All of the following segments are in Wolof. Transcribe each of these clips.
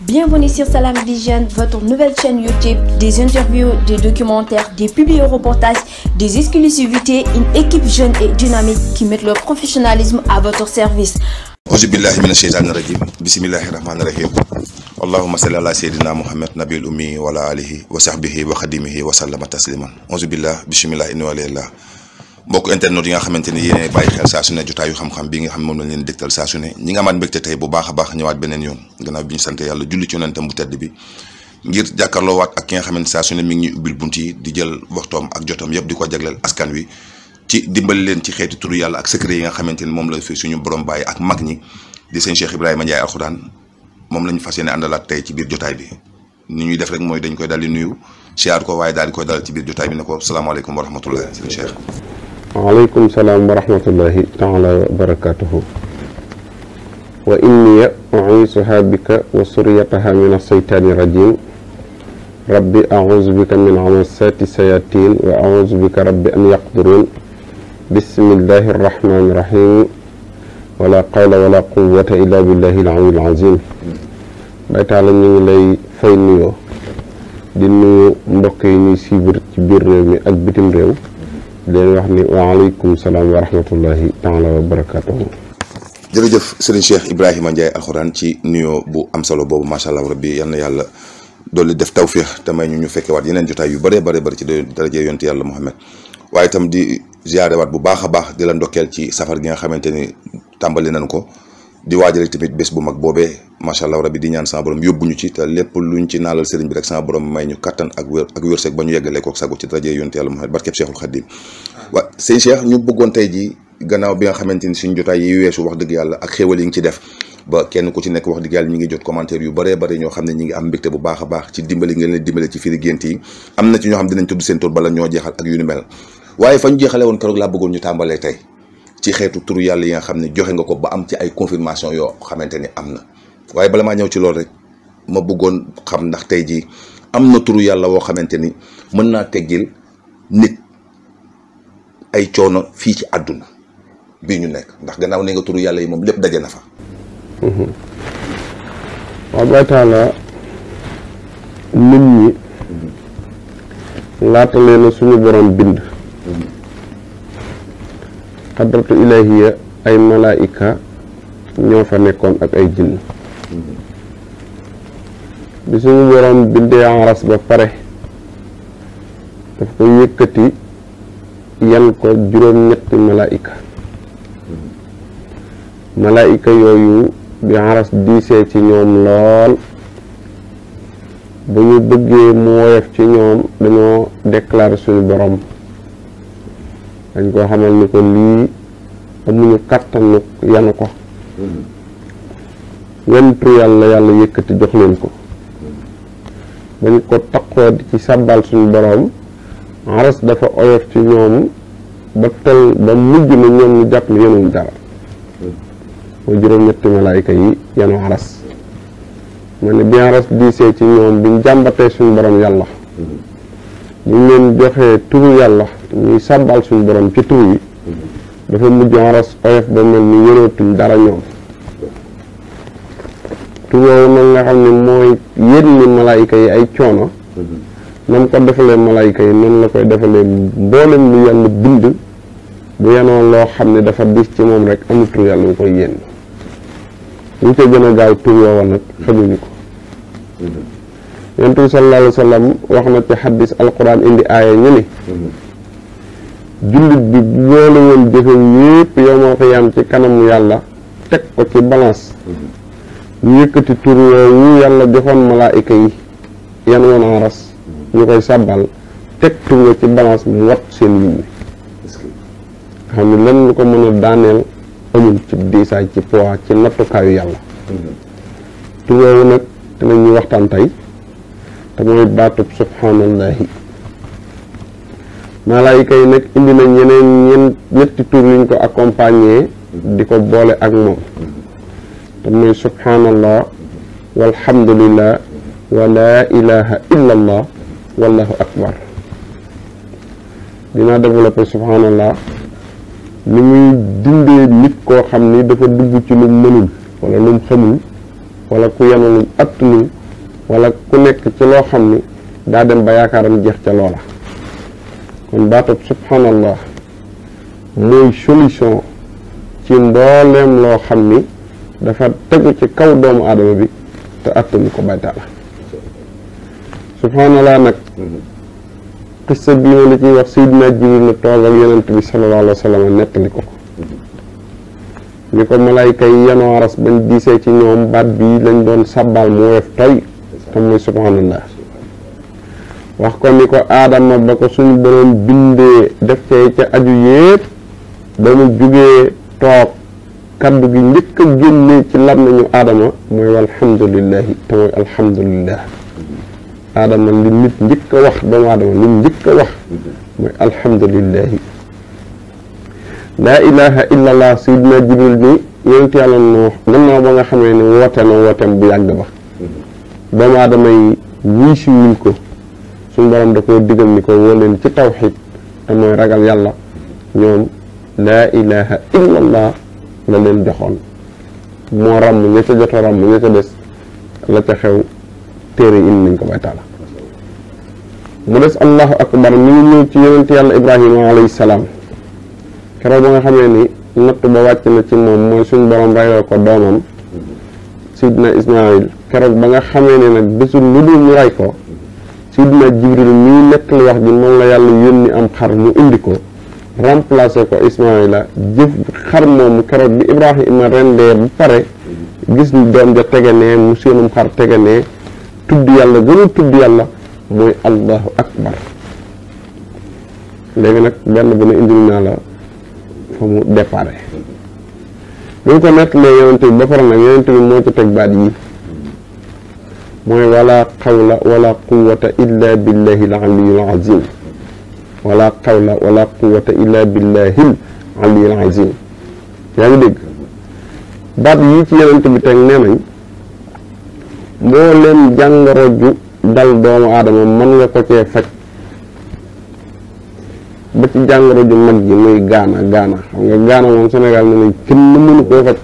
Bienvenue sur Salam Vision, votre nouvelle chaîne YouTube, des interviews, des documentaires, des publi-reportages, des exclusivités, une équipe jeune et dynamique qui met leur professionnalisme à votre service. Auzu billahi mina shaytani rajim, bismillahi rahmani rahim. Allahumma salli ala sayyidina Muhammad nabil ummi wa ala alihi wa sahbihi wa khadimihi wa sallama tasliman. Auzu billahi bismillahi inna lillahi mbokk internet yi nga xamante ni yéen bàyyi xel saa su ne jotaayu xam-xam bi nga xam moom lañ leen dégtal saa su ne ñi a baax ñëwaat beneen ak ki nga xamante saa ne mi ngi ñuy ubbil bunt yi di jël waxtoom ak jotam yëpp ko jagleel askan wi ci dimbali leen ci xeeti turu yàlla ak secret yi nga xamante ni moom la fi suñu borom bàyyi ak mag ñi di seen Cheikh Ibrahima moom lañu fas yéene àndalaat tey ci biir jotaay bi ni ñuy def rek mooy dañ koy dal di nuyu siyaar ko waaye daal di koy dal ci biir jotaay bi ne ko salaamaaleykum wa rahmatullah sëñ Cheikh aleykum salaam wa rahmatullahi taala wa barakatuhu wa inniya uisuha bika wa suriyataha min aseytaani rajim rabbi auzu bika min amasati sayatin wa auzu bika rabbi an yaqdurun bismillahi arrahmani irrahim wala qawla wala quwata illa billahi aliyil azim bay taala ñu ngi lay fay nuyoo di nuyu mbokk yi ñuy suivre ci biir réew mi ak bitim réew leen wax ni waaleykum salaam wa rahmatullahi taala wa barakatuhu jërëjëf sëriñ Cheikh Ibrahima Ndiaye alxuraan ci nuyoo bu am solo boobu macha allah rabbi yal na yàlla dolli def tawféex te may ñu ñu fekkee waat yeneen jotaay yu bëree bëri bëri ci daraje yonent yàlla Muhammad waaye tam di ziare waat bu baax a baax di la ndokkeel ci safar gi nga xamante ni tàmbali nañ ko di waajale tamit bés bu mag boobee macha allah rabi di ñaan sama borom yóbbuñu ci te lépp luñ ci naalal sëriñ bi rek sama borom may ñu kattan ak wér ak wérsëg ba ñu ñu bëggoon tey ji gannaaw bi nga xamante ni suñ jotaay yi weesu wax dëgg yàlla ak xéewal yi ngi ci def kenn ku ci wax dëgg yàlla ñi ngi jot commentaire yu bare bare ñoo xam ne ñi ngi am mbégte bu baax a baax ci dimbali ngeen na ñoo xam dinañ tudd seen tur jeexal yu ni mel waaye fa ñu jeexale woon keroog laa bëggoon ñu tàmbalee tey ci xeetu turu yàlla yi nga xam ne joxe nga ko ba am ci ay confirmation yoo xamante ni am na waaye bala maa ñëw ci loolu rek ma bëggoon xam ndax tey jii am na turu yàlla woo xamante ni mën naa teggil nit ay coono fii ci àdduna bii ñu nekk ndax gannaaw ne yàlla yi moom lépp daje na fa. Mhm. waaw booy taala nit ñi mhm. laata leen suñu borom bind. Mhm. xadratu ilahiya ay malaika ñoo fa nekkoon ak ay jinn bi suñu borom bindee aras ba pare daf ko yëkkati yan ko juróom-ñetti malaika malaika yooyu bi aras diisee ci ñoom lool bu ñu bëggee mu woyof ci ñoom dañoo déclaré suñu borom dañ koo xamal ni ko lii amuñu kattanu yanu ko wentu mm-hmm. yàlla yàlla yëkkati jox leen ko mm-hmm. bañ ko takkoo ci sàbbal suñu boroom aras dafa oyof ci ñoom ba tol ba mujj na ñoom ñu jàpp ne yenuñ dara mm-hmm. mooy juróom-ñetti malaayka yi yenu aras ma ne bi aras diisee ci ñoom biñ jàmbatee suñu boroom yàlla buñ leen joxee turu yàlla ñuy sàbbal suñ borom ci tur yi dafa mujj xoros oyof ba mel ni yëreetuñ dara ñoom tur woowu nag nga xam ne mooy yenni malaayka yi ay coono nam ko defalee malaayka yi noonu la koy defalee mboolem lu yàlla bind bu yenoon loo xam ne dafa dis ci moom rek amul tur yàlla koy yenn ñu ca gën a gaaw tur woowa ko yonent bi sallallahu alayhi wa sallam wax na ci xaddis alquran indi aaya ñu ne jullit bi boole woon jëfam yépp yow moo ko yam ci kanamu yàlla teg ko ci balance ñu yëkkati tur woowu yàlla joxoon malaayika yi yan woon aras ñu koy sàbbal teg tur wa ci balance mu wat seen yunni ko mën amul ci diisaay ci poids ci nattukaayu yàlla mm-hmm. tur woowu waxtaan tey te mooy baatub subhaanallahi malaayika yi nag indi nañ ñeneen ñen ñetti tur yuñ ko accompagner di ko boole ak moom te mooy subhaanallah walhamdulillah wa laa ilaha illa allah wallahu akbar dinaa développé subhaanallah li muy dindee nit koo xam ni dafa dugg ci lu mënul wala lu mu xamul wala ku yema lu mu attanul ku nekk ci loo xam ni daa dem ba yaakaaram jeex ca loola kon baatub subhanallah mooy solution ci mbooleem loo xam ni dafa tegu ci kaw doomu aadama bi te attanu ko bay taala subhanallah nag xissa bii ma la ciy wax Seydina Jibril na toog ak yonent bi sallallahu alayhi wa sallam nettali ko ko ni ko malayka yi yanoo aras bañ diisee ci ñoom baat bii lañ doon sàbbaal mu weef toy te muy subhanallah wax ko ni ko aadama ba ko suñu boroom bindee def cay ca aju yépp ba jugee toog kaddu gi njëkk a génne ci làmmiñu aadama mooy walhamdulillahi te mooy alhamdulillah aadama li nit njëkk a wax doomu aadama li njëkk wax mooy alhamdulillahi laa ilaha illa allah sayyidina jibril ni yonent yàlla no gannaaw ba nga xamee ne woote na wooteem bu yàgg ba doomu aadama yi si wuñ ko suñu borom da koo digal ni ko woo leen ci tawxid te mooy ragal yàlla ñoom laa ilaha illallah la leen joxoon moo ràmm ña ca jot a ràmm ña ca des la ca xew téere indi nañ ko bay taala mu des allahu akbar mi ngi ñëw ci yonent yàlla ibrahima alayhi salaam keroog ba nga xamee ni natt ba wàcc na ci moom mooy suñu borom reyloo ko doomam sidna ismail keroog ba nga xamee ni nag bisul lu dul ñu rey ko Seydina Jibril mii nettali wax ji moom la yàlla yónni am xar mu indi ko remplacé ko Ismaïla jëf xar moomu keroog bi Ibrahima rendee bu pare gis ni doom ja teganee mu seenum xar teganee tudd yàlla gënul tudd yàlla mooy allahu akbar léegi nag benn bu ne indil naa la fa mu déparé bi ñu ko nettalee yonent bi ba pare nag yonent bi moo ci teg baat yi mooy wala xawla wala quwata illa billahi al aliyul azim wala xawla wala quwata illa billahi al aliyul azim yaa ngi dégg baat yi ci yenent bi teg nee nañ mboolem jàngoro ju dal doomu aadama mën nga ko cee faj ba ci jàngoro ju mag ji muy gaana gaana xam nga gaana moom Sénégal ne nañ kenn mënu koo faj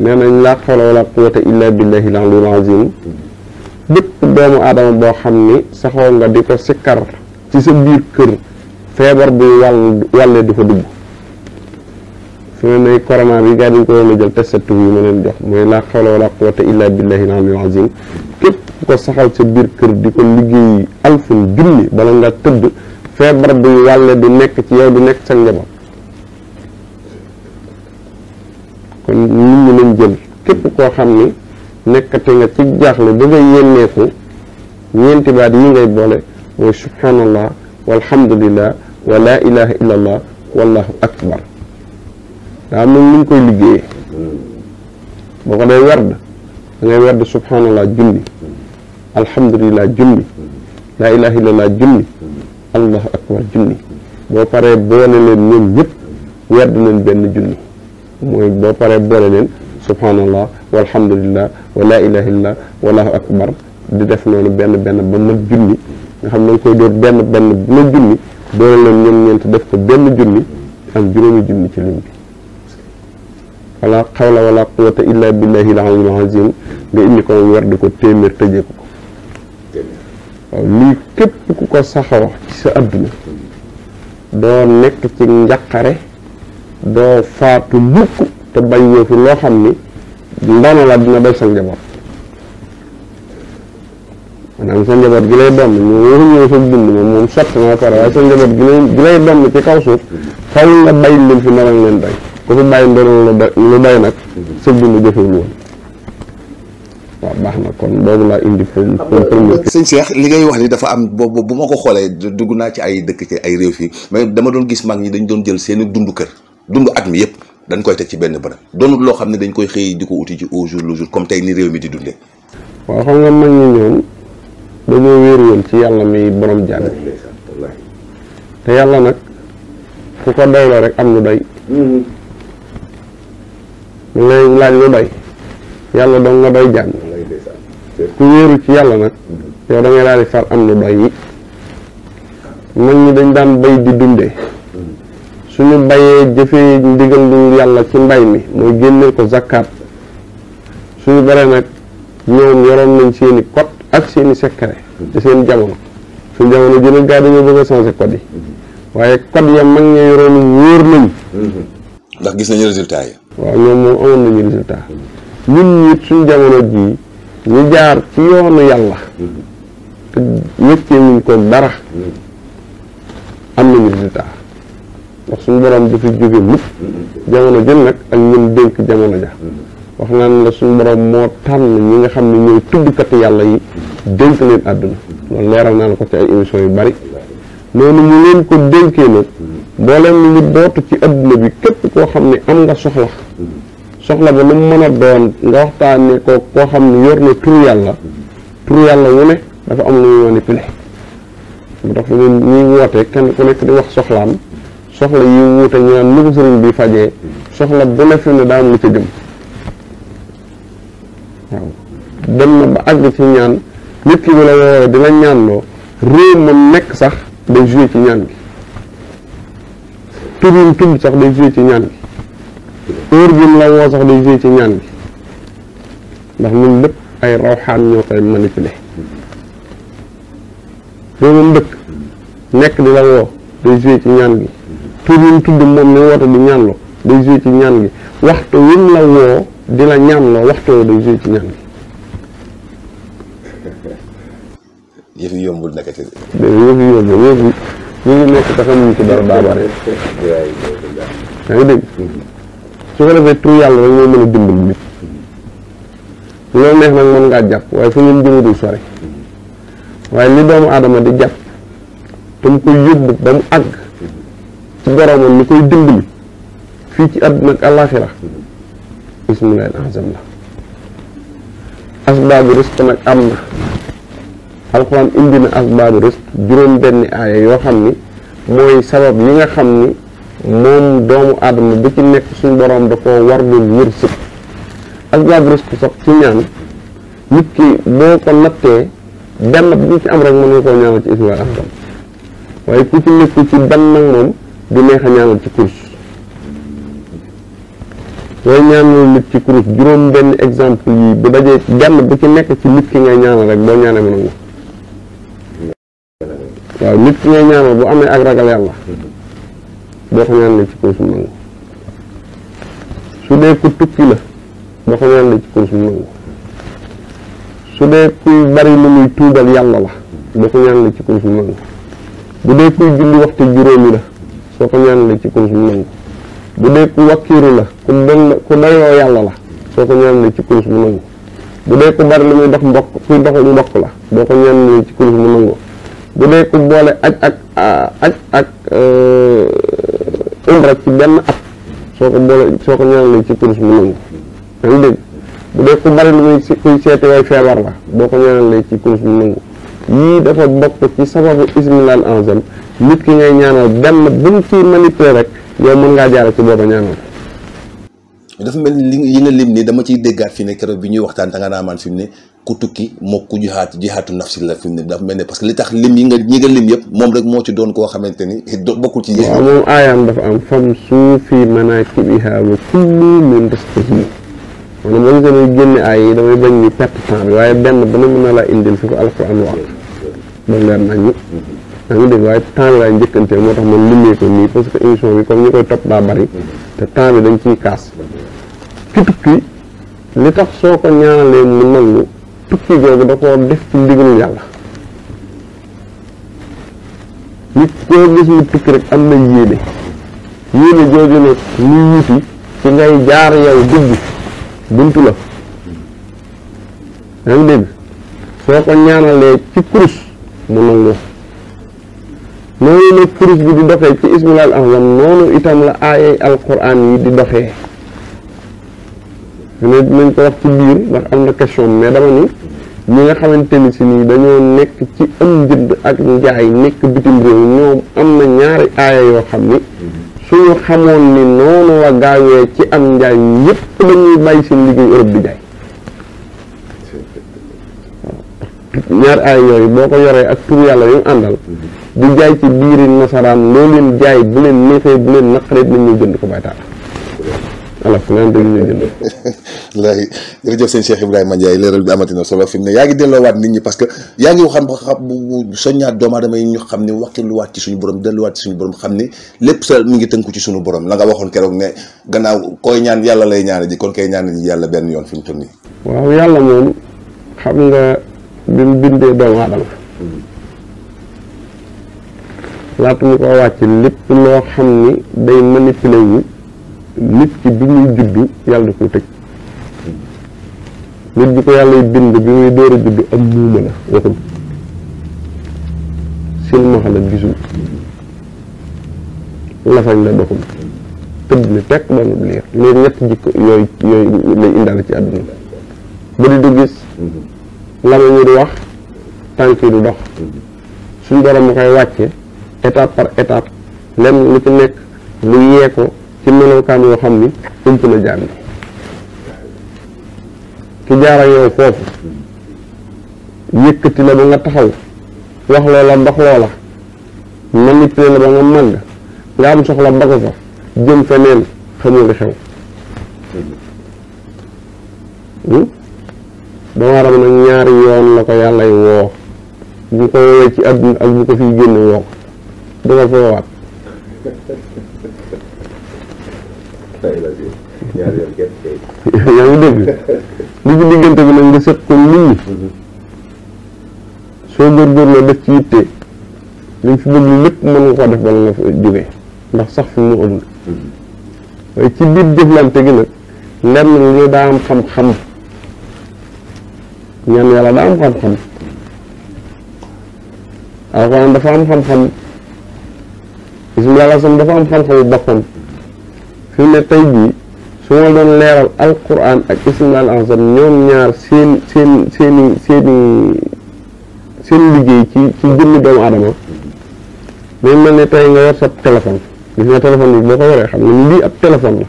nee nañ laa la wala quwwata illa billahi al-aliyyil azim mm-hmm. bépp doomu aadama boo xam ni saxoo nga di ko sikkar ci sa biir kër feebar bu wàll wàllee du fa dugg su ne nay corona bi gars yi dañ ko waroon a jël test yi ma leen jox mooy laa xawla wala quwwata illa billahi al-aliyyil azim képp ko saxal sa biir kër di ko liggéey alfun junni bala nga tëdd feebar bu wàlle du nekk ci yow du nekk sa njaboot kon nit ñi lañ jël képp koo xam ni nekkati nga ci jaaxle ba nga yenneeku ñeenti baat yi ngay boole mooy subhanallah walhamdulillah wa laa ilaha wallahu akbar daa am nañ koy liggéeyee boo ko day werd da ngay werd subhanallah junni alhamdulillah junni laa ilaha illa allah junni allahu akbar junni boo paree boole leen ñoom ñëpp werd leen benn junni mooy boo paree boole leen subhanallah walhamdulillah wa laa ilaha illallah wallahu akbar di def noonu benn benn ba mat junni nga xam ne nga koy dóor benn benn ba mat junni boole leen ñoom ñeent def ko benn junni am juróomi junni ci lim bi wala xawla wala quwata illa billahi al-aliyyil azim nga indi ko moom wer di ko téeméer tëjee ko waaw lii képp ku ko saxoo ci sa adduna doo nekk ci doo faatu mukk te bàyyee fi loo xam ni ndono la dina dal sa njaboot maanaam sa njaboot gi lay doon ñu wóor ñëw sa dund moom moom sott na pare waaye sa njaboot gi lay gi lay ci kaw suuf faw nga bàyyi leen fi ndono leen day lu day nag sa dund jëfewul woon waaw baax na kon boobu laa indi pour pour premier. sëñ Cheikh li ngay wax ni dafa am boobu bu ma ko xoolee dugg naa ci ay dëkk ci ay réew fii dama doon gis mag ñi dañ doon jël seeni dund kër. dund at mi yëpp dañ koy teg ci benn bërëb doonul loo xam ne dañ koy xëy di ko wuti ci au jour le jour comme tey ni réew mi di dundee. waaw xam nga mag ñi ñoom dañoo wéeru woon ci yàlla mi borom jàmm te yàlla nag ku ko doy la rek am lu doy. mu lay laaj lu doy yàlla dong nga ku wéeru ci yàlla nag yow da ngay daal di far am lu doy yi mag ñi dañ daan bay di dundee. suñu bayee jëfee ndigal yàlla ci mbay mi mooy génneel ko zakkaat suñu baree nag ñoom yoroon nañ seen i code ak seen i secret seen jamono suñu jamono jëne gaa dañoo bëgg a ña yoroon wóor nañ ndax gis nañu résultat yi waaw ñoom moom amoon nañu résultat ñun ñit suñu jamono jii ñu jaar ci yoonu yàlla te wéccee wuñ dara am nañu résultat ndax suñu borom du fi jóge mukk jamono jën nag ak ñun dénk jamono ja wax naan la suñ borom moo tànn ñi nga xam ne ñooy tuddkati yàlla yi dénk leen àdduna loolu leeral naa ko ci ay émission yu bari noonu ñu leen ko dénkee nag mbooleem ñu dootu ci àdduna bi képp koo xam ne am nga soxla soxla ba lu mu mën a doon nga waxtaanee ko koo xam ne yor na turu yàlla turu yàlla wu ne dafa am lu muy manipulé bu tax fa ñuy wootee kenn ku nekk di wax soxlaam soxla yi wuute ñu naan nu sëriñ bi fajee soxla bu ne fi mu ne daa am ci jëm waaw dem na ba àgg ci ñaan nit ki bu la woowee dina ñaanloo réew mu nekk sax day joué ci ñaan gi tur yi tudd sax day joué ci ñaan gi heure bi mu la woo sax day joué ci ñaan gi ndax loolu lépp ay rawxaan ñoo koy manipulé réew mu dëkk nekk di la woo day joué ci ñaan gi tur yi mu tudd moom mi woote di ñaanloo day joué ci ñaan gi waxtu wi la woo di la ñaanloo waxtu woo day joué ci ñaan gi. yëf yi yombul nekk defee tur yàlla rek moo mën a dimbali nit. loolu neex nag mën ngaa jàpp waaye fu ngeen jëmadul sore waaye li doomu aadama di jàpp te mu koy yóbbu ba mu àgg. ci boromam li koy dimbali fii ci àdduna ak àllaaxira ismulaay azam la asbaabu risq nag am na alxuraan indi na asbaabu risq juróom benni aaya yoo xam ni mooy sabab yi nga xam ni moom doomu aadama bu ci nekk suñu borom da koo war lul wërsëg asbaabu risq sax ci ñaan nit ki boo ko nattee benn bu ci am rek mën nga koo ñaanal ci ismulaay azam waaye ku ci nekk ci benn nag moom du neex a ñaanal ci course ci course juróom benn exemple yi bu dajee benn bu ci nekk ci nit ki ngay ñaanal rek boo ñaanee mu nangu waaw nit ki ngay ñaanal bu amee ak ragal yàlla boo ko ñaanalee ci course mu nangu su dee ku tukki boo ko ñaanalee ci course mu nangu su dee kuy bari lu muy tuubal yàlla la boo ko ñaanalee ci course mu nangu bu dee kuy julli waxtu juróomi la soo ko ñaanalee ci kurus mu bu dee ku wakkiiru ku doon yàlla la soo ko ñaanalee ci kurus mu nangu bu dee ku bari lu muy dox mbokk kuy doxu mbokk la boo ko ñaanalee ci kurus mu nangu bu dee ku boole aj ak ah, ak euh, umra ci benn at soo ko boole soo ko ci kurus mu nangu yaa dégg bu dee ku bari lu muy kuy seeti way feebar la boo ko ñaanalee ci kurus mu nangu yii dafa bokk ci sababu ismilal enzem nit ki ngay ñaanal benn buñ ci manipulé rek yow mën ngaa jaare ci booba ñaanal dafa mel ni li yi nga lim nii dama ciy déggaat fii ne keroog bi ñuy waxtaan danga naa maan fi mu ne ku tukki moo ku jihaatu jihaatu nafsi la fi mu ne dafa mel ne parce que li tax lim yi nga ñi nga lim yëpp moom rek moo ci doon koo xamante ni bokkul ci yéen moom aayaam dafa am fam suufi manaakibihaa wa kullu min rizqihi man ba nga ko doon génne ay yi damay bañ ni perte temps waaye benn ba na mën na laa indil fi ko alxuraan wax ba leer nañu yaa ngi dégg waaye temps laay njëkkante moo tax man limee ko nii parce que émission bi comme ñu koy topp daa bari te temps bi dañ ciy kaas ki tukki li tax soo ko ñaanalee mu nangu tukki googu da koo def ci ndigal yàlla nit koo gis mu tukki rek am na yéene yéene jooju nag muy wuti ci ngay jaar yow dugg buntu la yaa ngi dégg soo ko ñaanalee ci kurus mu nangu noonu la kurus bi di doxee ci ismilal ahzam noonu itam la aayay alquran yi di doxee nañ ko wax ci biir ndax am na question mais dama ni ñi nga xamante ni si nii dañoo nekk ci am njënd ak njaay nekk bitim réew ñoom am na ñaari aaya yoo xam ni suñu xamoon ni noonu la gaawee ci am njaay ñëpp lañuy bàyyi seen liggéey Europe di jaay ñaar ay yooyu boo ko yoree ak tur yàlla yu àndal di jaay ci biiri nasaraan loo leen jaay bu leen neexee bu leen naqaree dinañ ñëw jënd ko baytaala ala fu leen dégg ñu jënd. laay jërëjëf sëñ Cheikh Ibrahima Ndiaye leeral bi amati na solo fi ne yaa ngi delloowaat nit ñi parce que yaa ngi xam xam bu soññaat doomu aadama yi ñu xam ne wàcceeluwaat ci suñu borom xam ne lépp sa mi ngi tënku ci suñu borom la nga waxoon keroog gannaaw koy ñaan yàlla lay ñaan ji kon ñaan ji yàlla benn yoon fi mu toll nii. waaw bi mu bindee doomu aadama. laata mu ko wàcc lépp loo xam ni day manipuler wu. nit ki bi muy juddu yàlla da koo tëj nit bi ko yàlla bind bi muy door a juddu ak muuma la waxul seen maxala gisul lafañ la doxul tëdd na tekk daanub liir léegi ñett jikko yooyu yooyu lay indaale ci àdduna bëri du gis lama ñu du wax tànk du dox suñ borom mu koy wàcce étape par étape lenn lu ci nekk lu yee ko ci melokaan yoo xam ni ump na jàmm ki jaar ak yow foofu yëkkati la ba nga taxaw wax loola mbax loola manipulé la ba nga màgg nga am soxla mbagu fa jëm feneen xamul li xew hmm? doomu aadama nag ñaari yoon la ko yàllay woo bu ko woowee ci àdduna ak bu ko fiy génne woo ko dafa foowaat yaa ngi dégg li ci diggante bi nag nga seet ko nit ñi mhm. soo góorgóorloo def ci yitte li mu fi bëgg lépp mën nga koo def bala nga fa ndax sax fi mu amul mhm. waaye ci biir jëflante gi nag lenn lu ne daa am xam-xam ñaan yàlla daa am xam-xam alxuraan dafa am dafa am xam-xamu boppam fi mu tey jii su ma doon leeral alquran ak ismul azam ñoom ñaar seen seen seen seen seen liggéey ci ci jëmmi doomu aadama day mel ni tey nga yor sa téléphone gis nga téléphone bi boo ko waree xam ne lii ab téléphone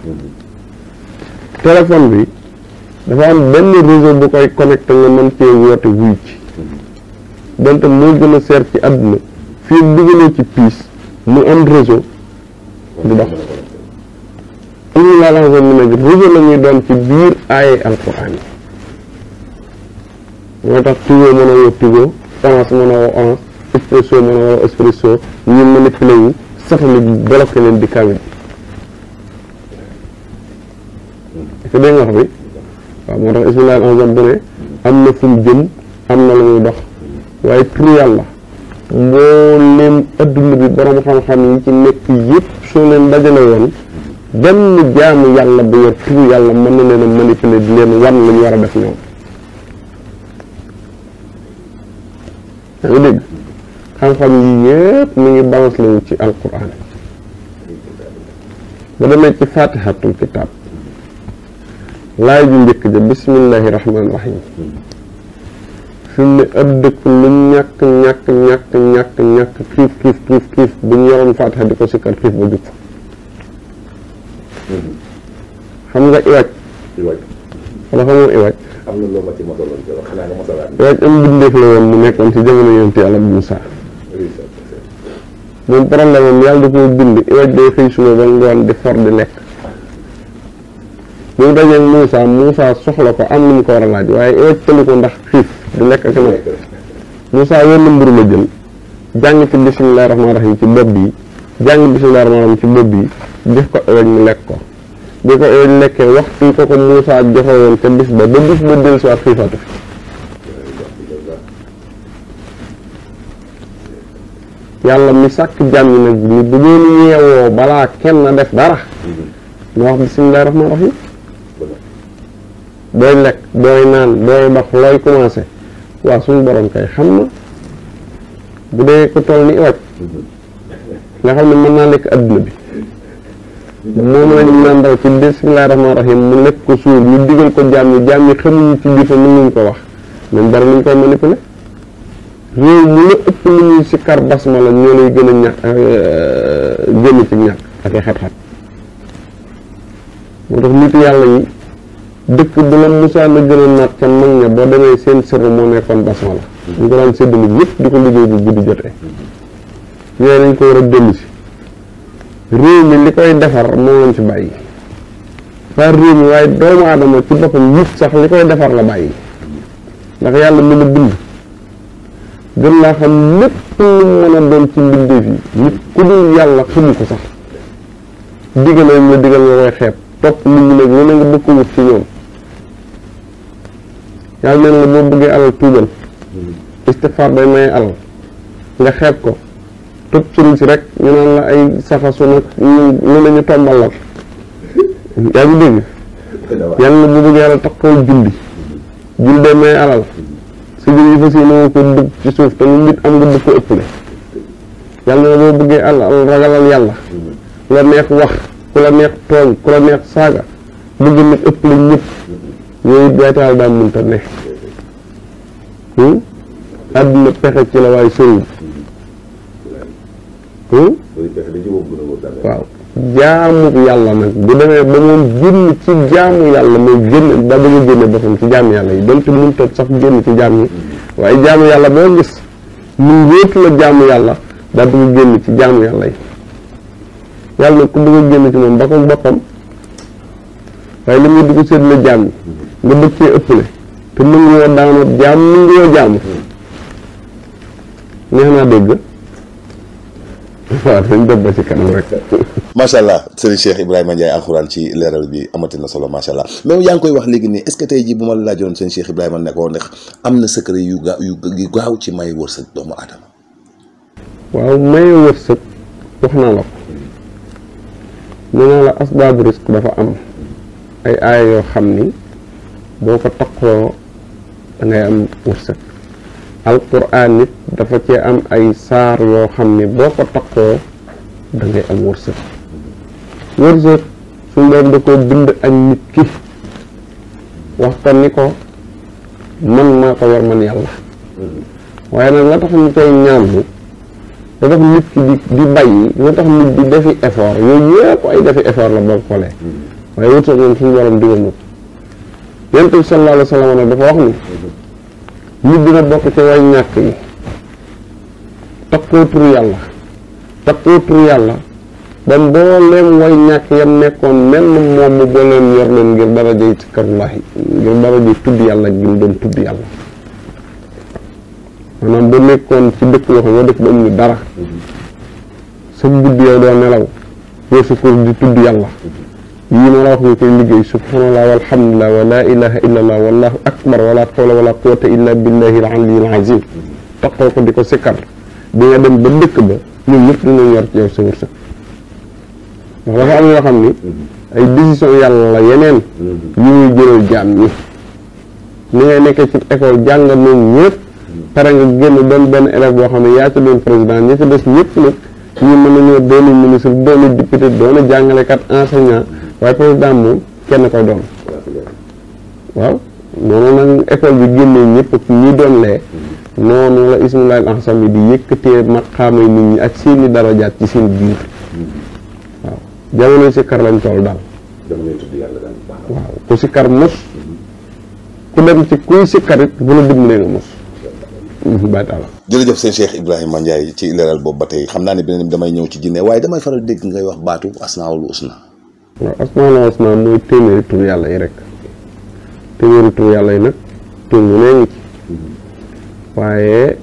la téléphone bi dafa am benn réseau bu koy connecté nga mën cee woote wuy ci donte moo gën a seer ci àdduna fii dugalee ci piis mu am réseau du dox ya'lamuuna bi rëbb la ñuy doon ci biir aaye alquran yi moo tax tigo mën a woo tigo once mën a woo once espresso mën a woo espresso ñu manipulé wu satali bloqué leen di kaamil bi moo tax ismilaal bu ne am na fu jëm am na la muy dox waaye tur yàlla leen adduna bi borom xam-xam yi ci nekk yëpp soo leen dajale woon benn jaamu yàlla bu yor turu yàlla mën na leen a manipuler di leen war a def ñoom yaa dégg xam-xam yi yëpp mi ngi balance lañu ci alquran ba demee ci fatihatul kitab laay ju njëkk ja bismillahi rahmaani rahim fi mu ne ab dëkk lu ñàkk ñàkk ñàkk ñàkk ñàkk xiif xiif xiif bu ñu yoroon fatiha di ko sikkar xiif ba jub xam nga iwaaj. iwaaj. wala xam am na loo ma bindeef la woon mu nekkoon si jamono yonent Yàlla Muusaa. moom problème yàlla da koo bind iwaaj day xëy suba ba ngoon di for di lekk. bu mu dajee Muusaa Muusaa soxla ko am nu mu ko war a laaj waaye iwaaj tëlu ko ndax xiif du lekk ak nag Muusaa wenn mburu la jël jàng ci bismillaahi rahmaani rahiim ci bopp bi jàng bismillaahi rahmaani rahiim ci bopp bi. jox ko ewel mu lekk ko bi ko ewel lekkee waxtu ko ko Moussa joxe woon te bis ba ba bis ba dellu si waat xiifatu fi yàlla mi sàkk jàmm nag ni bu ngeen yeewoo balaa kenn def dara nga wax bisimilah rahmaan rahim booy lekk booy naan booy bax looy commencé waa suñu borom kay xam na bu dee ko toll ni ewaj nga xam ne mën naa lekk adduna bi moom lañ mën a ndaw ci bismillaahi rahmaani rahiim mu nekk ko suur ñu digal ko jaam ñi jaam ñi xamuñu ci biir mën nañu ko wax moom dara nañ koy manipuler réew lu ñuy si kar basma la ñoo gën a ñàkk euh, génn ci ñàkk ak moo tax nitu yàlla yi dëkk bu la musaan a gën a naat ca mag ña boo demee seen sirru moo nekkoon ñu ko daan séddale ñëpp di ko liggéey bu guddi jotee ñoo nañ ko war a dellu si réew mi li koy defar moo leen fi bàyyi par réew mi waaye doomu aadama ci boppam nit sax li koy defar la bàyyi ndax yàlla mi la bind gën laa xam lépp lu mën a doon ci mbindeef yi nit ku dul yàlla xamu ko sax digal nañ la digal nga koy xeeb topp nit ñi nag lu nga bëggee alal tuubal istifaar day maye alal nga xeeb ko tëb sëriñ si rek ñu naan la ay safasu nag ñu la ñu tombalal yaa ngi dégg yàlla bu bëgg yàlla tax koo julli jul dee may alal sa jul yi lu nit am nga def ko ëppale yàlla wax ku la neex tooñ ku la neex saaga bëgg nag ëppale ñëpp yooyu baytaal daa mënta ne hmm? àdduna pexe ci la waaye sëriñ Hmm? waaw jaamu yàlla nag bu demee ba moom génn ci jaamu yàlla mooy génn da bëgg a génne boppam ci jaamu yàlla yi donte mënu toog sax génn ci jaam yi hmm. waaye jaamu yàlla boo gis mu wéetu la jaamu yàlla daa bëgg génn ci jaamu yàlla yi yàlla nag ku bëgg a génn ci moom ba ko boppam waaye li muy dugg seet la jaam yi hmm. nga bëgg cee ëppale te mu ngi woo daanoo jaam mu ngi woo jaam neex naa dégg waaw dañ dem ba ci kanam rek. macha allah Serigne Cheikh Ibrahima Ndiaye alxuraan ci leeral bi amati na solo macha allah mais yaa ngi koy wax léegi nii est ce que tey jii bu ma la laajoon Serigne Cheikh Ibrahima nekkoon ndax am na secret yu gaaw yu gaaw ci may wërsëg doomu aadama. waaw may wërsëg wax naa la ko nee naa la asbaabu risque dafa am ay aaya yoo xam ni boo ko takkoo da am wërsëg. alquran nit dafa cee am ay saar yoo xam ne boo ko takkoo da ngay am wërsëg wërsëg suñu borom da koo bind ak nit ki wax ko ni ko man maa ko yor man yàlla waaye nag la tax ñu koy ñaanlu la tax nit ki di di bàyyi la tax nit di defi effort yooyu yëpp ay defi effort la boo xoolee waaye wërsëg moom suñu borom digal na ko yonent bi sallallahu alayhi wa sallam dafa wax ni nit dina bokk ci way ñàkk yi takkoo tur yàlla takkoo yàlla ba mbooleem way ñàkk yam nekkoon mel moom mu booleen yor leen ngir darajay zikrullahi ngir darajay tudd yàlla gi mu doon tudd yàlla maanaam ba nekkoon ci dëkk yoo xam ne dëkk ba am ni dara mm-hmm. sa guddi yow doo nelaw yoo sa di tudd yàlla yii ma la wax nga koy liggéey subhanallah walhamdulillah wa la ilaha illa allah wallahu akbar wala xawla wala quwata illa billahi al aliyil azim taxoo ko di ko sikkar di nga dem ba dëkk ba ñu ñëpp dina ñor yow sa wërsëg ndax dafa am yoo xam ni ay décision yàlla yeneen yu muy jëlal jaam ñi ni ngay nekkee ci école jàng nañ ñëpp pare nga génn doon benn élève boo xam ne yaa ci doon président ñu ci des ñëpp nag ñi mën nañoo doon ministre doon député doon jàngalekat enseignant waaye président moom kenn koy doon waaw noonu nag école bi génne ñëpp ñi doon lee noonu la ismulaay ansam yi di yëkkatee maqaamay nit ñi ak seeni darajaat ci seen biir waaw jamono si kar lañ toll daal waaw ku si kar mos ku dem ci kuy si karit bu la dimbalee nga mos mm-hmm. jërëjëf sëñ Cheikh Ibrahima Ndiaye ci leeral boob ba tey xam naa ne beneen damay ñëw ci jinne waaye damay faral dégg ngay wax baatu asnaawul usna ndax asmaana asmaan mooy téeméeri tur yàlla yi rek téeméeri tur yàlla yi nag tur mu nee ci waaye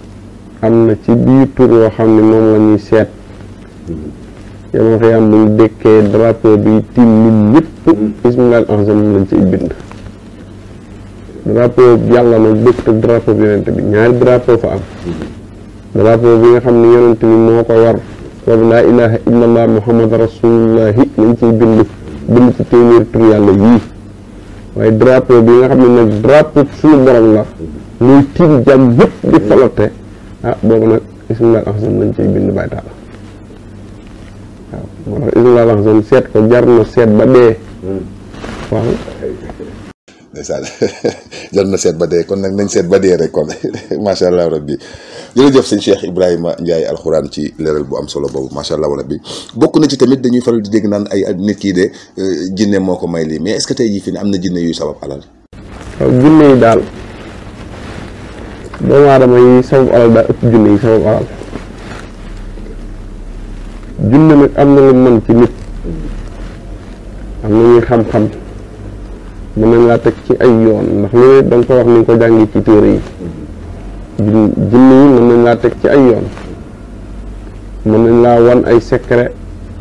am na ci biir tur yoo xam ne moom la seet yama xëy am buñ dékkee drapeau bi tiim nit yëpp bismillah al lañ ci bind drapeau yàlla nag bëgg te drapeau bi yonent bi ñaari drapeau fa am drapeau bi nga xam ne yonent bi moo ko war boobu laa ilaha illallah muhammad rasulullahi lañ ciy bind bind ci téeméer tur yàlla yii waaye drapeau bi nga xam ne nag drapeau suñu borom la muy tiim jàmm yëpp di folote ah boobu nag ismulaal ahsan lañ ciy bind bàyyi taala waaw seet ko jar na seet ba dee hmm. ndeysaan jar na seet ba dee kon nag nañ seet ba dee rek kon macha allah rabbi jërëjëf sëñ Cheikh Ibrahima Ndiaye alxuraan ci leeral bu am solo boobu macha allah rabbi bokk na ci tamit dañuy faral di dégg naan ay nit kii de euh, jinne moo ko may lii mais est-ce tey jii fi ne am na jinne yuy sabab alal. waaw jinne daal doomu aadama yi sabab alal daa nag am na lu mën ci nit am na ñuy xam-xam. mën nañ laa teg ci ay yoon ndax lu ne ko wax ni nga ko jàngi ci téere yi jinne yi mën nañ laa teg ci ay yoon mën nañ laa wan ay secret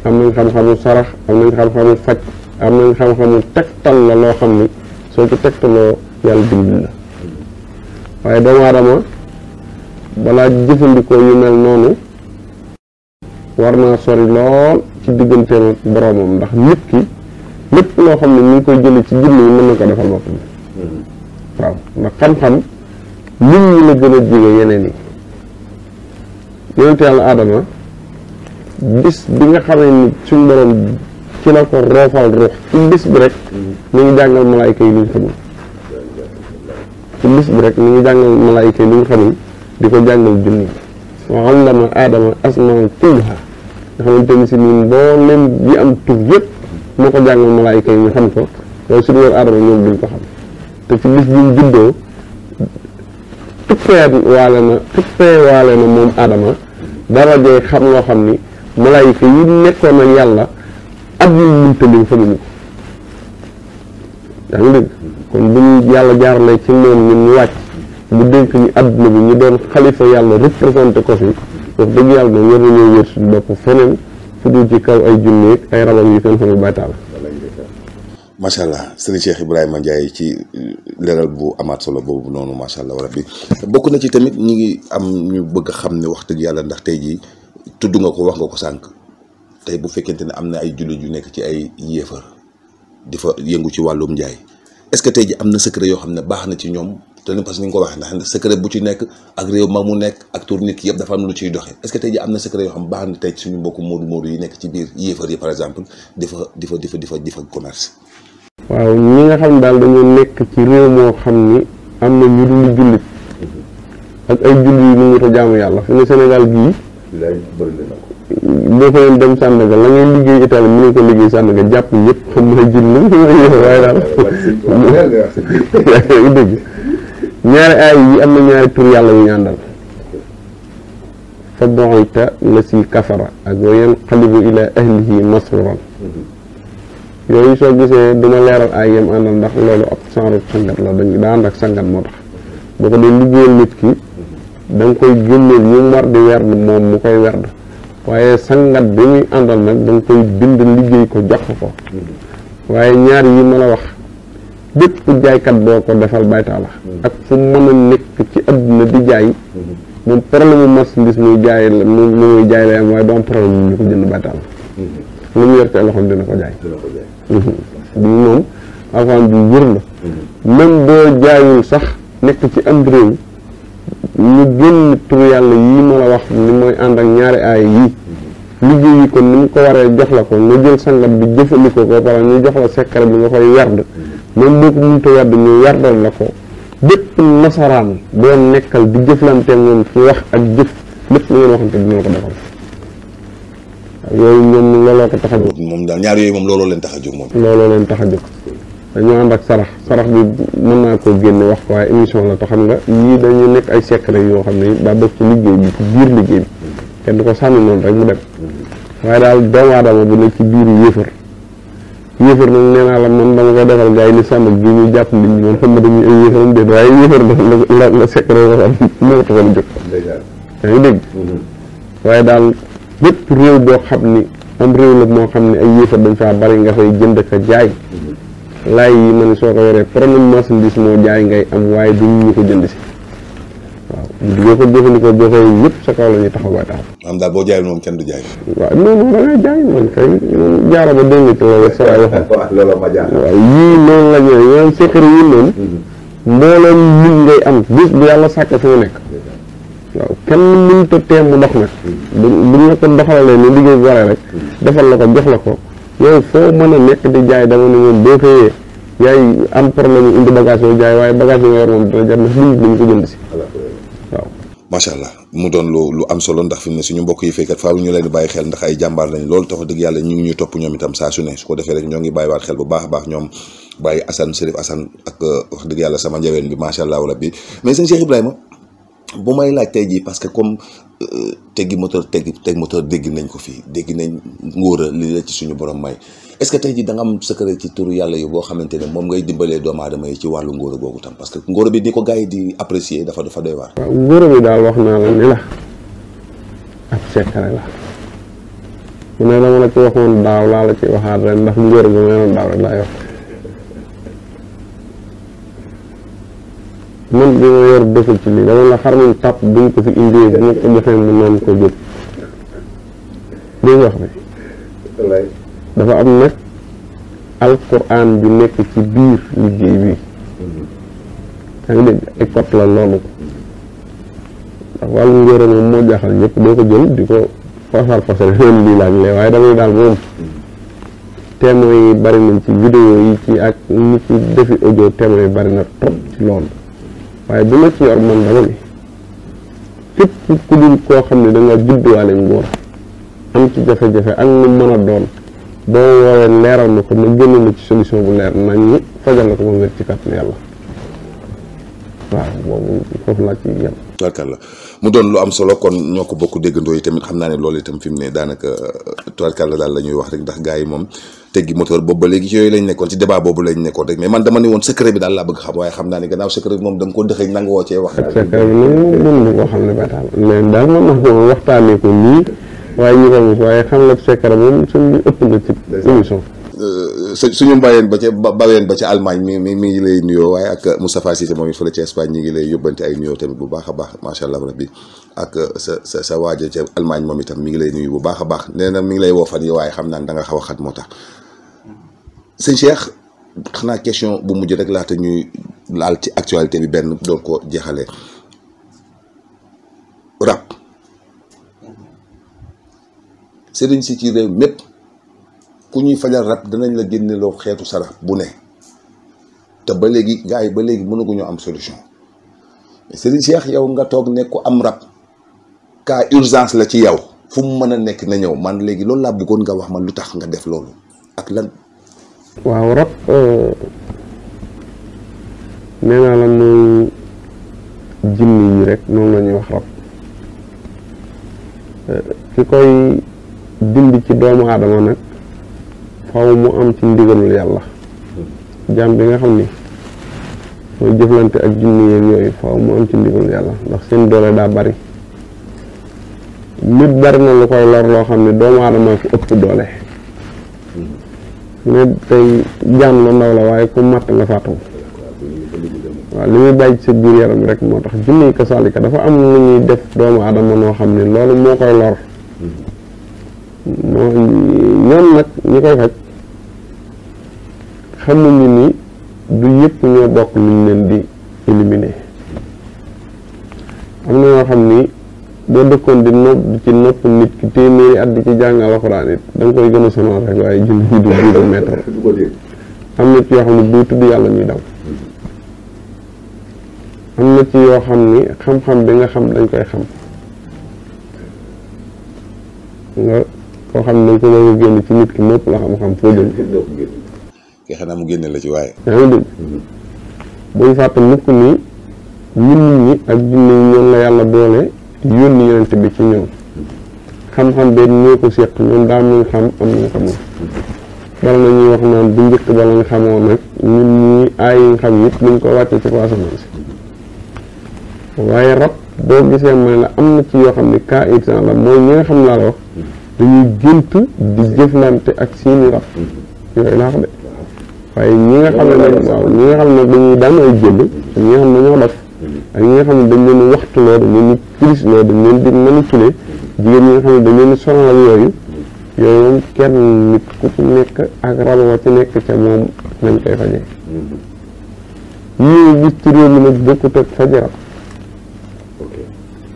am nañ xam-xamu sarax am nañ xam-xamu faj am nañ xam-xamu tegtal la loo xam ni soo ci tegtaloo yàlla dimbali la waaye doomu aadama balaa jëfandikoo yu mel noonu war naa sori lool ci diggante ak boroomam ndax nit ki lépp loo xam ne ñu ngi koy jëlee ci jinne yi mën na ko defal boppam hmm. waaw ndax xam-xam nit ñi la gën a jege yeneen yi yonent yàlla aadama bis bi nga xamee ni suñ borom ci la ko roofal ruux ci bis bi rek mu hmm. ngi jàngal malaayka yi lu ñu ci bis bi rek mu ngi jàngal malaayka yi lu ñu di ko jàngal junni wa allama aadama asmaa kullaha nga xamante ni si ñun boo yi am tur yëpp moo ko jàngal malaayika yi ñu xam ko waaye suñu woon aadama ñoom duñ ko xam te ci bis bi mu juddoo tuppee waale na tuppee waale na moom aadama dara jooy xam loo xam ni malaayika yi nekkoon ak yàlla ab ñu mun tëddi xamuñu ko yaa ngi kon bu ñu yàlla jaarale ci moom ñun ñu wàcc mu dénk ñu adduna bi ñu doon xalifa yàlla représenté ko fi wax dëgg yàlla moom war nañoo wër suñu bopp feneen fu dul ci kaw ay junneeg ay rabam yu seen xobu baytaal macha allah sëriñ Cheikh Ibrahima Ndiaye ci euh, leeral bu amaat solo boobu noonu macha allah rabbi bokk na ci tamit ñi ngi am ñu bëgg xam ne wax dëgg yàlla ndax tey jii tudd nga ko wax nga ko sànq tey bu fekkente ne am na ay jullit yu nekk ci ay yéefar di fa yëngu ci wàllum njaay est-ce que tey ji am na secret yoo xam ne baax na ci ñoom te parce que ni nga ko waxee ndax secret bu ci nekk ak réew mag mu nekk ak tur nit ki yëpp dafa am na secret yoo xam baax na tey ci suñu mbokku moodu moodu nekk ci xam daal dañoo nekk réew moo xam ni am na ñu dul jullit mhm. ak ay jullit yu ñu ngi ko jaamu yàlla fi ne Sénégal gii. boo ko dem Sandaga la ngay liggéey Italie mu ne ko liggéey Sandaga jàpp ñëpp xam nga jil yàlla yu ñu ak wa yanqalibu ila ahlihi masruran yooyu soo gisee duma leeral aay yam àndal ndax loolu ab sangat la dañ daa ànd ak sangat moo tax boo ko dee liggéeyal nit ki da koy génneel yi war di werd moom mu koy werd waaye sangat bi muy àndal nag da koy bind liggéey ko jox ko waaye ñaar yi ma la wax bépp jaaykat boo ko defal baytaala ak fu mën a nekk ci adduna di jaay moom problème mu marchandise muy jaay la mu muy jaay la am waaye doom problème mu ñu ko jënd baytaala lu mu yor te loxoom dina ko jaay bi moom avant bi wër la même boo jaayul sax nekk ci am réew ñu génn tur yàlla yii ma la wax ni mooy ànd ak ñaari aay yii liggéey yi kon ni mu ko waree jox la ko nga jël sangat bi jëfandikoo ko wala ñu jox la sekkar bi nga koy werd moom boo ko mënta werd ñu werdal la ko bépp nasaraan boo nekkal di jëflante moom fi wax ak jëf lépp lu ngeen waxante dina ko defal yooyu ñoom looloo ko tax a jóg moom daal ñaar yooyu moom looloo leen tax a jóg looloo leen tax a jóg dañoo ànd ak sarax sarax bi mën naa koo génne wax waaye émission la te xam nga yii dañu nekk ay yoo xam ne daa bokk ci liggéey bi ci biir du ko sànni noonu rek mu daal doomu aadama bu nekk ci biir yéefar yéefar nag nee la man dama koy defal gars yi ni sàmm bi am déet waaye yéefar la la secret waxoon moo taxoon jóg yaa ngi dégg waaye daal bépp réew boo xam ni am réew la moo xam ne ay yéefar dañ faa bari nga fay jënd ka jaay laay yi ma ne soo ko yoree problème marchandise jaay ngay am waaye du ñu ko jënd si waaw boo ko jëfandikoo boo koy yëpp sa kaw la ñuy boo jaayul moom kenn du jaay. waaw ba dégg nga te loolu jaar. yii noonu la ñu ne yoon secret yi noonu. Mm-hmm. mboolem nit ngay am bés bu yàlla sàkk fi mu nekk. Mm-hmm. waaw kenn mënut a teem mu dox nag. Mm-hmm. bu bu ñu ko doxalee ni liggéey bi waree rek. defal la ko jox la ko. yow foo mën a nekk di jaay dama ne moom boo xëyee yaay am problème indi bagage yoo jaay waaye bagage yor moom dina jar ndax nit ñi ko jënd si waaw. macha allah mu doon lu lu am solo ndax fi mu ne suñu mbokk yi fekkat faaw ñu leen bàyyi xel ndax ay jàmbaar lañ loolu tax dëgg yàlla ñu ngi ñuy topp ñoom itam saa su ne su ko defee rek ñoo ngi bàyyiwaat xel bu baax a baax ñoom bàyyi Assane Serif Assane ak euh, wax dëgg yàlla sama njaween bi macha allah rabbi mais sëñ Cheikh bu may laaj tey jii parce que comme euh, teggi moteur teggi teg moteur dégg nañ ko fii dégg nañ ngóora li la ci suñu borom may est-ce que tey jii danga nga am secret ci turu yàlla yi boo xamante ne moom ngay dimbalee doomu aadama yi ci wàllu ngóora googu tam parce que ngóora bi ni ko gars yi di apprécier dafa dafa doy waar. waaw ngóora bi daal wax naa la ni la ab secret la mu ne dama la ci waxoon daaw laa la ci waxaat ren ndax ngóora bi ma daaw rek laay wax. man bi ma yor dëkk ci lii dama la xar moom tàpp buñ ko fi indee dama ko joxee mu naan ko jóg dégg am nag alquran bi nekk ci biir liggéey la loolu ndax wàllu ngóor moom moo jaaxal jël di ko fasal fasal leen lii laaj lee waaye damay daal moom témoins yi bari nañ ci vidéo yi ci ak nit ci defi audio témoins yi bari na trop ci loolu waaye bi ma ci yor man dama ne képp ku dul koo xam ne da nga judduwaale nguur am ci jafe-jafe ak nu mën a doon boo woowee leeral ma ko ma génn la ci solution bu leer nañ ñi fajal la ko moom wér ci kàttan yàlla waaw boobu foofu laa ci yem. mu doon lu am solo kon ñoo ko bokk déggandoo yi tamit xam naa ne lool itam fi mu ne daanaka euh, tubarkàlla daal la wax rek ndax gars yi moom teggi moteur boobu ba nekkoon ci débat boobu lañ nekkoon rek mais man dama ne woon secret bi daal laa bëgg xam waaye xam naa ne gannaaw secret bi moom da ko dëxëñ nanga woo cee wax secret bi moom suñu ëpp na ci émission suñu mbayeen ba ca baween ba ca Allemagne mi mi mi ngi lay nuyoo waaye ak Moustapha Cissé moom it fële ca Espagne ñi ngi lay yóbbante ay nuyoo tamit bu baax a baax macha allah rabbi ak uh, sa sa sa waajo ca Allemagne moom itam mi ngi lay nuyu bu baax a baax nee na mi ngi lay woo fan yi waaye xam naa da nga xaw a xat moo tax sëñ Cheikh xanaa question bu mujj rek laata ñuy laal ci actualité bi benn doon ko jeexalee rap sëriñ si ci réew mépp ku ñuy fajal rab danañ la génneloo xeetu sarax bu ne te ba léegi gars yi ba léegi mënaguñoo am solution Serigne Cheikh yow nga toog ne ku am rab cas urgence la ci yow fu mu mën a nekk na ñëw man léegi loolu laa bëggoon nga wax ma lu tax nga def loolu ak lan. waaw rab euh, nee naa la mooy jinni yi rek noonu la ñuy wax rab euh, ki koy dindi ci doomu aadama nag. faw mu am ci ndigalul yàlla jaam bi nga xam ni mooy jëflante ak jinne yooyu faw mu am ci ndigalul yàlla ndax seen doole daa bari nit bari na lu koy lor loo xam ne doomu aadama fi ëpp doole ne tey jaam la ndaw la waaye ku matt nga faatu waaw li muy bàyyi ci sa biir yaram rek moo tax jinne yi kasaalika dafa am lu ñuy def doomu aadama noo xam ne loolu moo koy lor moo ñoom nag ñi koy faj xamuñu ni du yëpp ñoo bokk luñ leen di éliminer am na ñoo xam ni boo dëkkoon di nopp di ci nopp nit ki téeméeri at di ci jàng alxuraan it da koy gën a sonal rek waaye julli ji du xam ne yàlla ñuy daw am na ci yoo xam ni xam-xam bi nga xam dañ koy xam foo xam ne ko mën a génn ci nit ki lépp nga xam-xam foo jëm. kii la ci waaye. yaa ngi dégg ni ñun nit yàlla boole xam-xam bee ñoo ko seq ñoom daa am ñu xam am ñu xamul. bala na ñuy wax naan bu njëkk bala nga xamoo nag ñun ñii aay nga xam yëpp dañ ko wàccee ci ko asamaan si waaye rab boo gisee mooy la am na ci yoo xam ne cas exemple mooy ñi xam laa la wax. dañuy gént di jëflante ak seeni rab yooyu laa xam de waaye ñi nga xam ne ne dañuy daan ay jënd ak ñi nga xam ne dañoo def ak ñi nga xam ne dañ leen waxtu loo dañ leen crise loo dañ leen di manipuler jigéen ñi nga xam ne dañ leen sonal yooyu yooyu moom kenn nit ku ci nekk ak rab wa ci nekk ca moom lañ koy fajee yii gis ci réew mi nag bokkut ak fajaram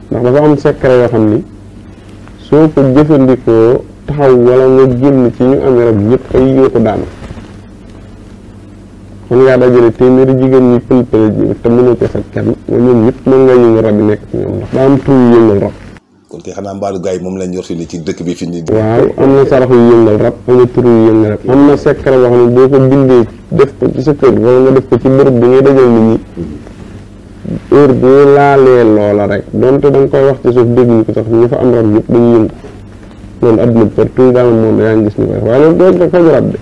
ndax dafa am secret yoo xam ni soo ko jëfandikoo taxaw wala nga génn ci ñu amee rab yëpp ay yoo ko daanu mën ngaa dajale téeméeri jigéen ñi pël-pël ji te mënoo ko kenn nga mën nga yëngal rab yi nekk ci ñoom ndax daa am tur yu yëngal rab kon kay xanaa mbaalu gars yi moom lañ yor fi ni ci dëkk bi fi ni waaw am na sarax yu yëngal rab am na tur yu yëngal rab def ko ci def ko ci bërëb bi ngay dajal nit ñi heure bi ñu laalee loola rek donte da koy wax ci suuf dégg ko sax ñu fa am rab yëpp dañuy yëngu loolu adduna partout dans le monde yaa ngi gis ñu koy waaye loolu doon faj rab de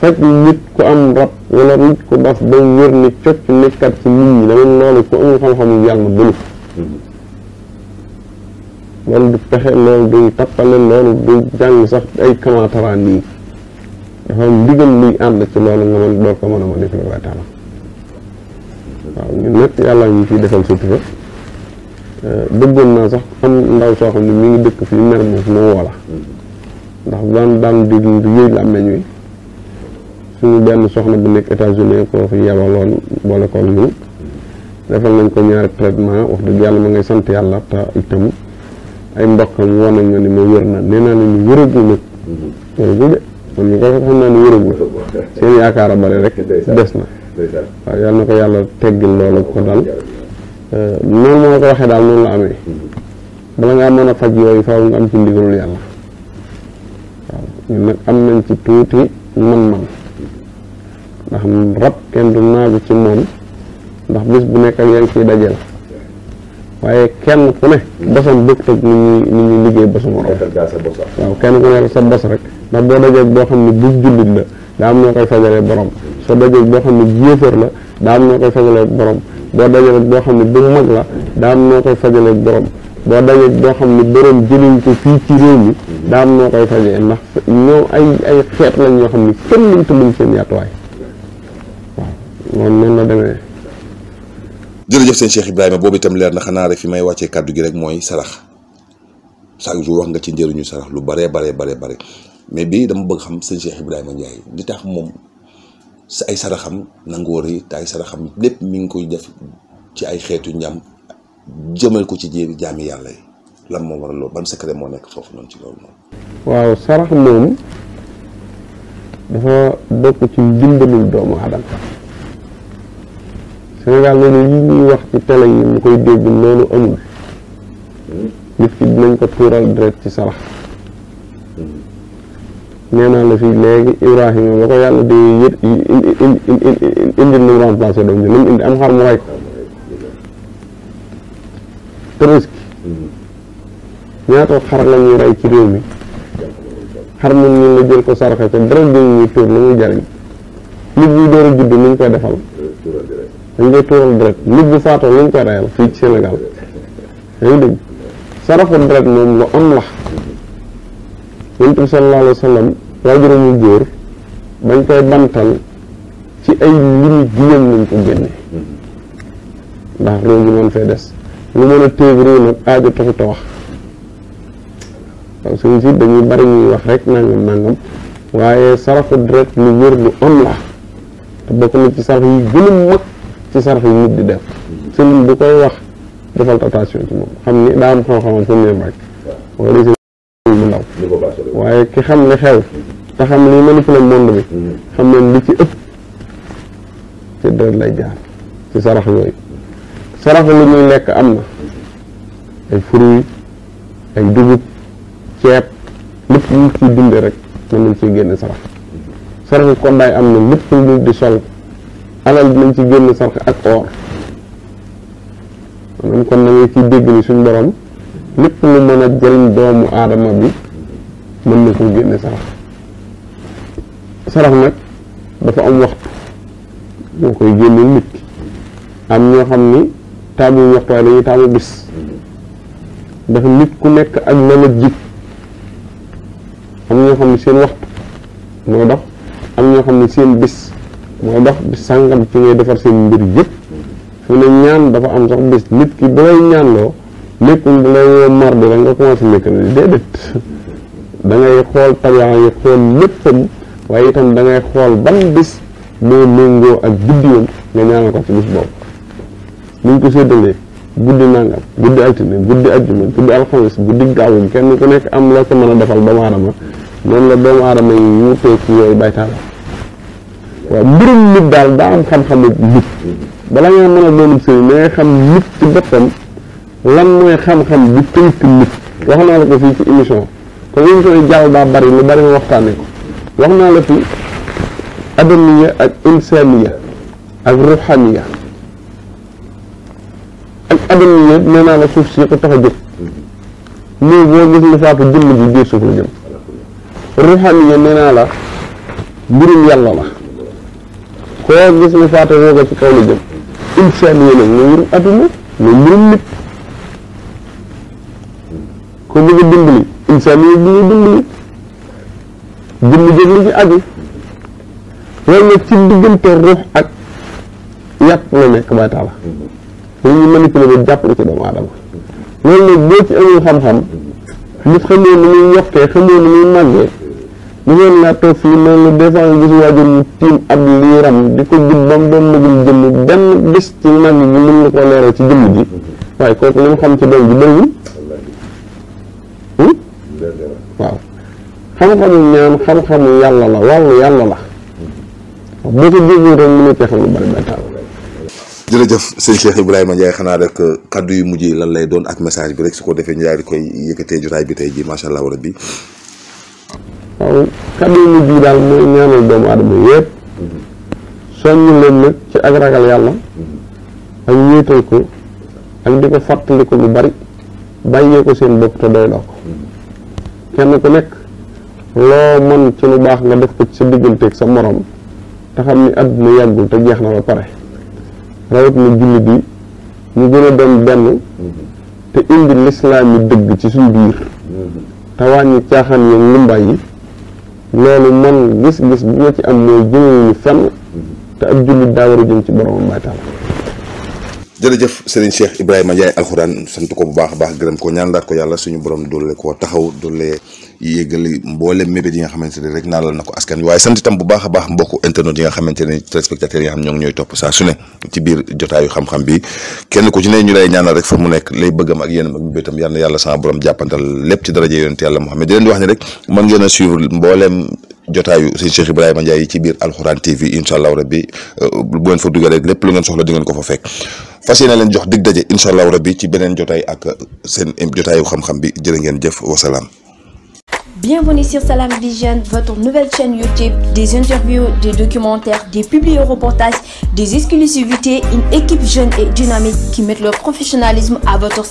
faj nit ku am rab wala nit ku dof ba wér ni cocc nekkat ci nit ñi dama loolu ku amul xam-xamu du pexe loolu du tappale loolu du jàng sax ay kamataraan yi dafa am ndigal luy ànd ci loolu nga mën door ko mën a ma def la waaw ñun nag yàlla ñu fi defal sutura euh, bëggoon naa sax am ndaw soo xam ne mi ngi dëkk fii Mermoz moo woola ndax daan daan déglu la meñ wi suñu benn soxna bu nekk États-Unis koo fi yebaloon boole ko nañ ko ñaari traitement wax yàlla ma ngay sant yàlla te itam ay mbokkam woon ma ni ma wér na nee naa ne ñu wëragul nag mm-hmm. wëragul man ñu ko xam naa ne wëragul seen yaakaar a rek des na waaw yàlla na ko yàlla teggil loolu ko dal euh, noonu moo ko waxee daal noonu la amee bala ngaa mën a faj yooyu faaw nga am ci ndigalul yàlla waaw ñun nag am nañ ci tuuti man-man ndax rab kenn du naagu ci moom ndax bis bu nekk ak yaa ngi ciy waaye kenn ku ne bosam bëgg tëg ni ñuy ni ñuy liggéey bosu morom waaw kenn ku ne sa bos rek ndax boo dajee boo xam ne bu jullit la daa am noo koy fajalee borom te dajeg boo xam ne yéefar la daa am noo koy fajaleeg borom boo dajeg boo xam ne bu mag la daa am noo koy fajaleeg borom boo dajeg boo xam ne borom jëliñ ko fii ci réew mi daa am noo koy fajee ndax ñoom lañ ñoo xam ne kenn lañ tëlluñ seen yàttuwaay waaw loolu noonu la demee jërëjëf seen Cheikh Ibrahima boobu itam leer na xanaa rek fi may wàccee kàddu gi rek mooy sarax chaque jour wax nga ci njëriñu sarax lu bare bare bare bare mais bii dama bëgg xam sëñ Cheikh Ibrahima Ndiaye li moom sa ay saraxam nangoor yi te ay saraxam lépp mi ngi koy def ci ay xeetu njàm jëmal ko ci jéem jaami yàlla yi lan moo waral loolu ban secret moo nekk foofu noonu ci loolu noonu. waaw sarax moom dafa bokk ci dimbalul doomu aadama Sénégal loolu yi ñuy wax ci télé yi mu koy dégg loolu amul hmm? nit ki dinañ ko tuural direct ci sarax. nee naa la fii léegi Ibrahima ba ko yàlla di yët indi nu mu remplacé doom ji nu indi am xar mu rey ko tabaski ñaata xar la rey ci réew mi xar mun ñu la jël ko saraxe te dara ñu tuur lu koy defal dañ koy tuural deret nit bu faatoo luñ koy reyal fii ci Sénégal yaa ngi moom lu am la yonent bi sallallahu alayhi wa sallam waajuram wu góor bañ koy bantal ci ay limi juróom lañ ko génne ndax réew mi mën fee des lu mën a téeg réew nag aajo taxut a wax waaw suñu si dañuy bari ñuy wax rek nangam nangam waaye saraxu deret lu wér lu am la te bokk na ci sarax yi gën mag ci sarax yi nit di def sëriñ bu koy wax defal attention moom xam ni daa am xam-xamam fu mu rek waaye ki xam ne xew te xam li manipuler monde bi xam leen lu ci ëpp ci deret lay jaar ci sarax yooyu sarax lu ñuy lekk am na ay fruits ay dugub ceeb lépp ñu ciy dundee rek mën nañ ciy génne sarax saraxu kondaay am na lépp lu di sol alal dinañ ci génne sarax ak or maanaam kon na nga ciy dégg ni suñ borom lépp lu mën a jëriñ doomu aadama bi mën na koo génne sarax sarax nag dafa am waxtu moo koy génneel nit ki am ñoo xam ni taamu waxtu lañuy dañuy bis dafa nit ku nekk ak na la jig am ñoo xam ne seen waxtu mooy dox am ñoo xam ne seen bis mooy dox bi sàngam ci ngay defar seen mbir yëpp fu ne ñaan dafa am sax bis nit ki bu lay ñaanloo nekkul bu lay woo mardi rek nga commencé nekk na déedéet da ngay xool tabiaa yi xool léppam waaye itam da ngay xool ban bis moo méngoo ak guddiwam nga ñaanal ko ci bis boobu ni ñu ko séddalee guddi nangam guddi altine guddi ajjuma guddi alxames guddi gaawum kenn ku nekk am la ko mën a defal doomu aadama noonu la doomu aadama yi wutee ci yooyu baytaala waaw mbirum nit daal daa am xam-xamu nit bala ngaa mën a doonub sëriñ da ngay xam nit ci boppam lan mooy xam-xam bi tënk nit wax naa la ko fii ci émission te li ñu koy jàll daa bari lu bari ma waxtaane ko wax naa la fi adamiya ak insaniya ak ruhaniya ak adamiya nee naa la suuf si ko tax a jóg boo gis mu faatu jëmm ji biir suuf la jëm ruhaniya nee naa la mbirum yàlla la koo gis mu faatu rooga ci kaw la jëm insaniya nag mooy mbirum adduna mooy nit ko bëgg a dimbali insaan yooyu bi ñu dimbali jëmm jëg li ci aju loolu nag ci diggante ruux ak yàpp la nekk ba taala lu ñu manipuler ba jàpp ci doomu aadama loolu nag boo ci amul xam-xam nit xamoo ni muy yokkee xamoo ni muy màggee mu ngeen laa toog fii mel na des nga gis waajur mu tiim ab liiram di ko jub ba mu doon jëmm benn bés ci màgg gi na koo leeral ci jëmm ji waaye kooku li xam ci doom ji bëriwul waaw xam-xamu ñaan xam-xamu yàlla la wàllu yàlla la boo ko déggee rek mu nekkee xam lu bari bay taal jërëjëf sëñ Cheikh Ibrahima Ndiaye xanaa rek euh, kaddu yu mujj yi lan lay doon ak message bi rek su ko defee ñu daal di yu mujj yi daal doomu aadama yëpp soññ leen nag ci ak ragal yàlla ak wéetal ko ak di ko fàttali ko lu bari bàyyee ko seen bopp te ko kenn ku nekk loo mën ci lu baax nga def ko ci sa digganteeg sa morom te xam ni àdduna yàggul te jeex na ba pare rawat na jullit yi ñu gën a doon benn te indi lislaam yi dëgg ci suñ biir te wàññi caaxaan yi lumbaay yi loolu man gis-gis bi ma ci am mooy jëmewu fenn te ab jullit daa war a jëm ci boromam baay taala jërëjëf Serigne Cheikh Ibrahima Ndiaye alxuraan sant ko bu baax a baax gërëm ko ñaan ko yàlla suñu borom doole koo taxaw doole yéegali mboolem mébét yi nga xamante ne rek naalal na ko askan wi waaye sant itam bu baax a baax mbokku internet yi nga xamante ne téléspectateurs yi nga xam ñoo ngi ñooy topp xam bi kenn ku ci ne ñu lay ñaanal rek fa mu nekk lay bëggam ak yéenam ak mébétam yàlla na yàlla sama borom jàppantal lépp ci daraja yonent yàlla Muhammad di leen di wax ne rek mën ngeen a suivre mbooleem jotaayu sëñ Cheikh Ibrahima Ndiaye ci biir alxuraan TV incha allahu rabbi euh, bu ngeen duggee rek lu ngeen soxla di ngeen ko fa fekk fas yéene leen jox dig daje incha rabbi ci beneen jotaay ak seen jotaayu xam-xam bi jërë ngeen jëf wasalaam. Bienvenue sur Salam Vision, votre nouvelle chaîne YouTube, des interviews, des documentaires, des publi-reportages, des exclusivités, une équipe jeune et dynamique qui met leur professionnalisme à votre